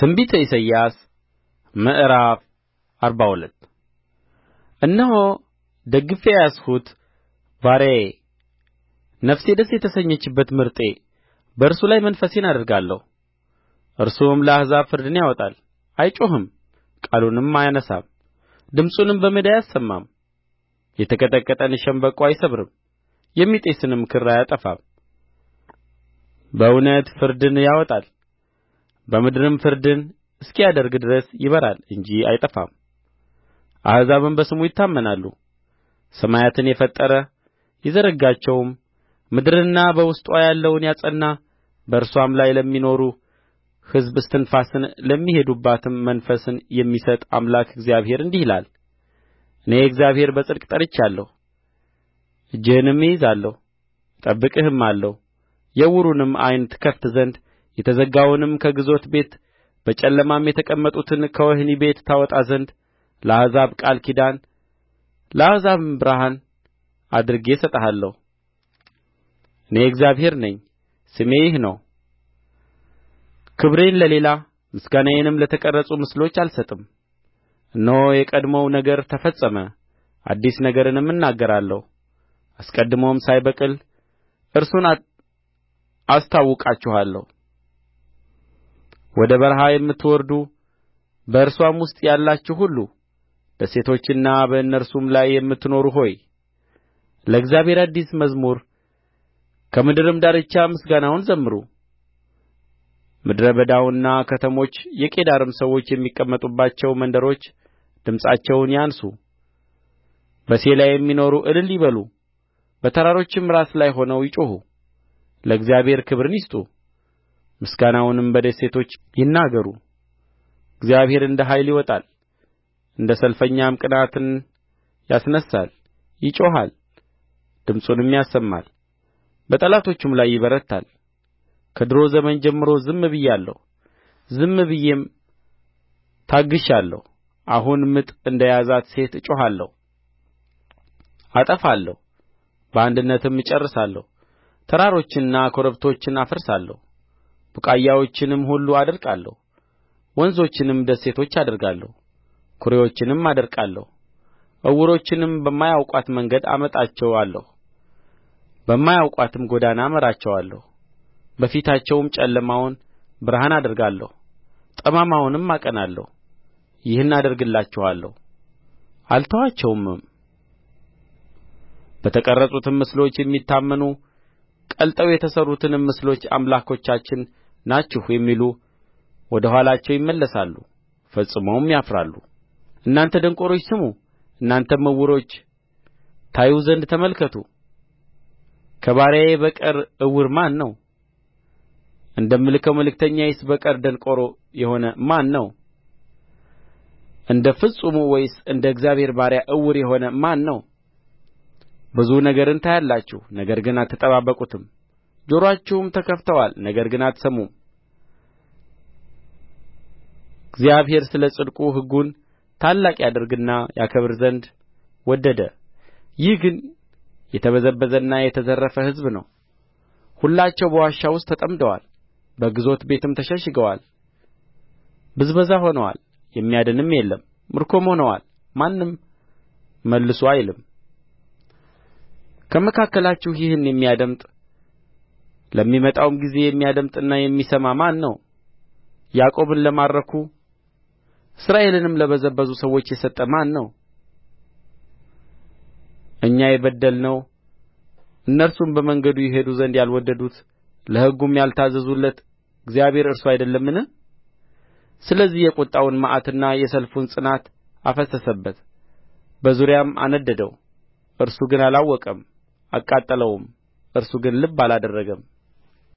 ትንቢተ ኢሳይያስ ምዕራፍ አርባ ሁለት እነሆ ደግፌ የያዝሁት ባሪያዬ ነፍሴ ደስ የተሰኘችበት ምርጤ በእርሱ ላይ መንፈሴን አደርጋለሁ እርሱም ለአሕዛብ ፍርድን ያወጣል አይጮኽም ቃሉንም አያነሣም ድምፁንም በሜዳ አያሰማም የተቀጠቀጠን ሸምበቆ አይሰብርም የሚጤስንም ክር አያጠፋም በእውነት ፍርድን ያወጣል በምድርም ፍርድን እስኪያደርግ ድረስ ይበራል እንጂ አይጠፋም አሕዛብም በስሙ ይታመናሉ ሰማያትን የፈጠረ የዘረጋቸውም ምድርንና በውስጥዋ ያለውን ያጸና በእርስዋም ላይ ለሚኖሩ ሕዝብ እስትንፋስን ለሚሄዱባትም መንፈስን የሚሰጥ አምላክ እግዚአብሔር እንዲህ ይላል እኔ እግዚአብሔር በጽድቅ ጠርቻለሁ፣ እጅህንም እይዛለሁ እጠብቅህማለሁ የዕውሩንም ዓይን ትከፍት ዘንድ የተዘጋውንም ከግዞት ቤት በጨለማም የተቀመጡትን ከወህኒ ቤት ታወጣ ዘንድ ለአሕዛብ ቃል ኪዳን ለአሕዛብም ብርሃን አድርጌ እሰጥሃለሁ እኔ እግዚአብሔር ነኝ ስሜ ይህ ነው ክብሬን ለሌላ ምስጋናዬንም ለተቀረጹ ምስሎች አልሰጥም እነሆ የቀድሞው ነገር ተፈጸመ አዲስ ነገርንም እናገራለሁ አስቀድሞም ሳይበቅል እርሱን አስታውቃችኋለሁ ወደ በረሃ የምትወርዱ በእርስዋም ውስጥ ያላችሁ ሁሉ ደሴቶችና በእነርሱም ላይ የምትኖሩ ሆይ ለእግዚአብሔር አዲስ መዝሙር ከምድርም ዳርቻ ምስጋናውን ዘምሩ ምድረ በዳውና ከተሞች የቄዳርም ሰዎች የሚቀመጡባቸው መንደሮች ድምፃቸውን ያንሡ በሴላ የሚኖሩ እልል ይበሉ በተራሮችም ራስ ላይ ሆነው ይጩኹ ለእግዚአብሔር ክብርን ይስጡ ምስጋናውንም በደሴቶች ይናገሩ እግዚአብሔር እንደ ኃያል ይወጣል እንደ ሰልፈኛም ቅንዓትን ያስነሣል ይጮኻል ድምፁንም ያሰማል በጠላቶቹም ላይ ይበረታል ከድሮ ዘመን ጀምሮ ዝም ብያለሁ ዝም ብዬም ታግሻለሁ አሁን ምጥ እንደ ያዛት ሴት እጮኻለሁ አጠፋለሁ በአንድነትም እጨርሳለሁ ተራሮችንና ኮረብቶችን አፈርሳለሁ ቡቃያዎችንም ሁሉ አደርቃለሁ ወንዞችንም ደሴቶች አደርጋለሁ ኵሬዎችንም አደርቃለሁ ዕውሮችንም በማያውቋት መንገድ አመጣቸዋለሁ በማያውቋትም ጐዳና እመራቸዋለሁ በፊታቸውም ጨለማውን ብርሃን አደርጋለሁ ጠማማውንም አቀናለሁ ይህን አደርግላችኋለሁ አልተዋቸውምም በተቀረጹትም ምስሎች የሚታመኑ ቀልጠው የተሠሩትንም ምስሎች አምላኮቻችን ናችሁ የሚሉ ወደ ኋላቸው ይመለሳሉ ፈጽመውም ያፍራሉ እናንተ ደንቆሮች ስሙ እናንተም ዕውሮች ታዩ ዘንድ ተመልከቱ ከባሪያዬ በቀር ዕውር ማን ነው እንደምልከው መልእክተኛዬስ በቀር ደንቆሮ የሆነ ማን ነው እንደ ፍጹሙ ወይስ እንደ እግዚአብሔር ባሪያ ዕውር የሆነ ማን ነው ብዙ ነገርን ታያላችሁ ነገር ግን አትጠባበቁትም ጆሮአችሁም ተከፍተዋል ነገር ግን አትሰሙም እግዚአብሔር ስለ ጽድቁ ሕጉን ታላቅ ያደርግና ያከብር ዘንድ ወደደ ይህ ግን የተበዘበዘና የተዘረፈ ሕዝብ ነው ሁላቸው በዋሻ ውስጥ ተጠምደዋል በግዞት ቤትም ተሸሽገዋል ብዝበዛ ሆነዋል የሚያድንም የለም ምርኮም ሆነዋል ማንም መልሱ አይልም ከመካከላችሁ ይህን የሚያደምጥ ለሚመጣውም ጊዜ የሚያደምጥና የሚሰማ ማን ነው ያዕቆብን ለማረኩ እስራኤልንም ለበዘበዙ ሰዎች የሰጠ ማን ነው እኛ የበደልነው እነርሱም በመንገዱ ይሄዱ ዘንድ ያልወደዱት ለሕጉም ያልታዘዙለት እግዚአብሔር እርሱ አይደለምን ስለዚህ የቍጣውን መዓትና የሰልፉን ጽናት አፈሰሰበት በዙሪያም አነደደው እርሱ ግን አላወቀም አቃጠለውም እርሱ ግን ልብ አላደረገም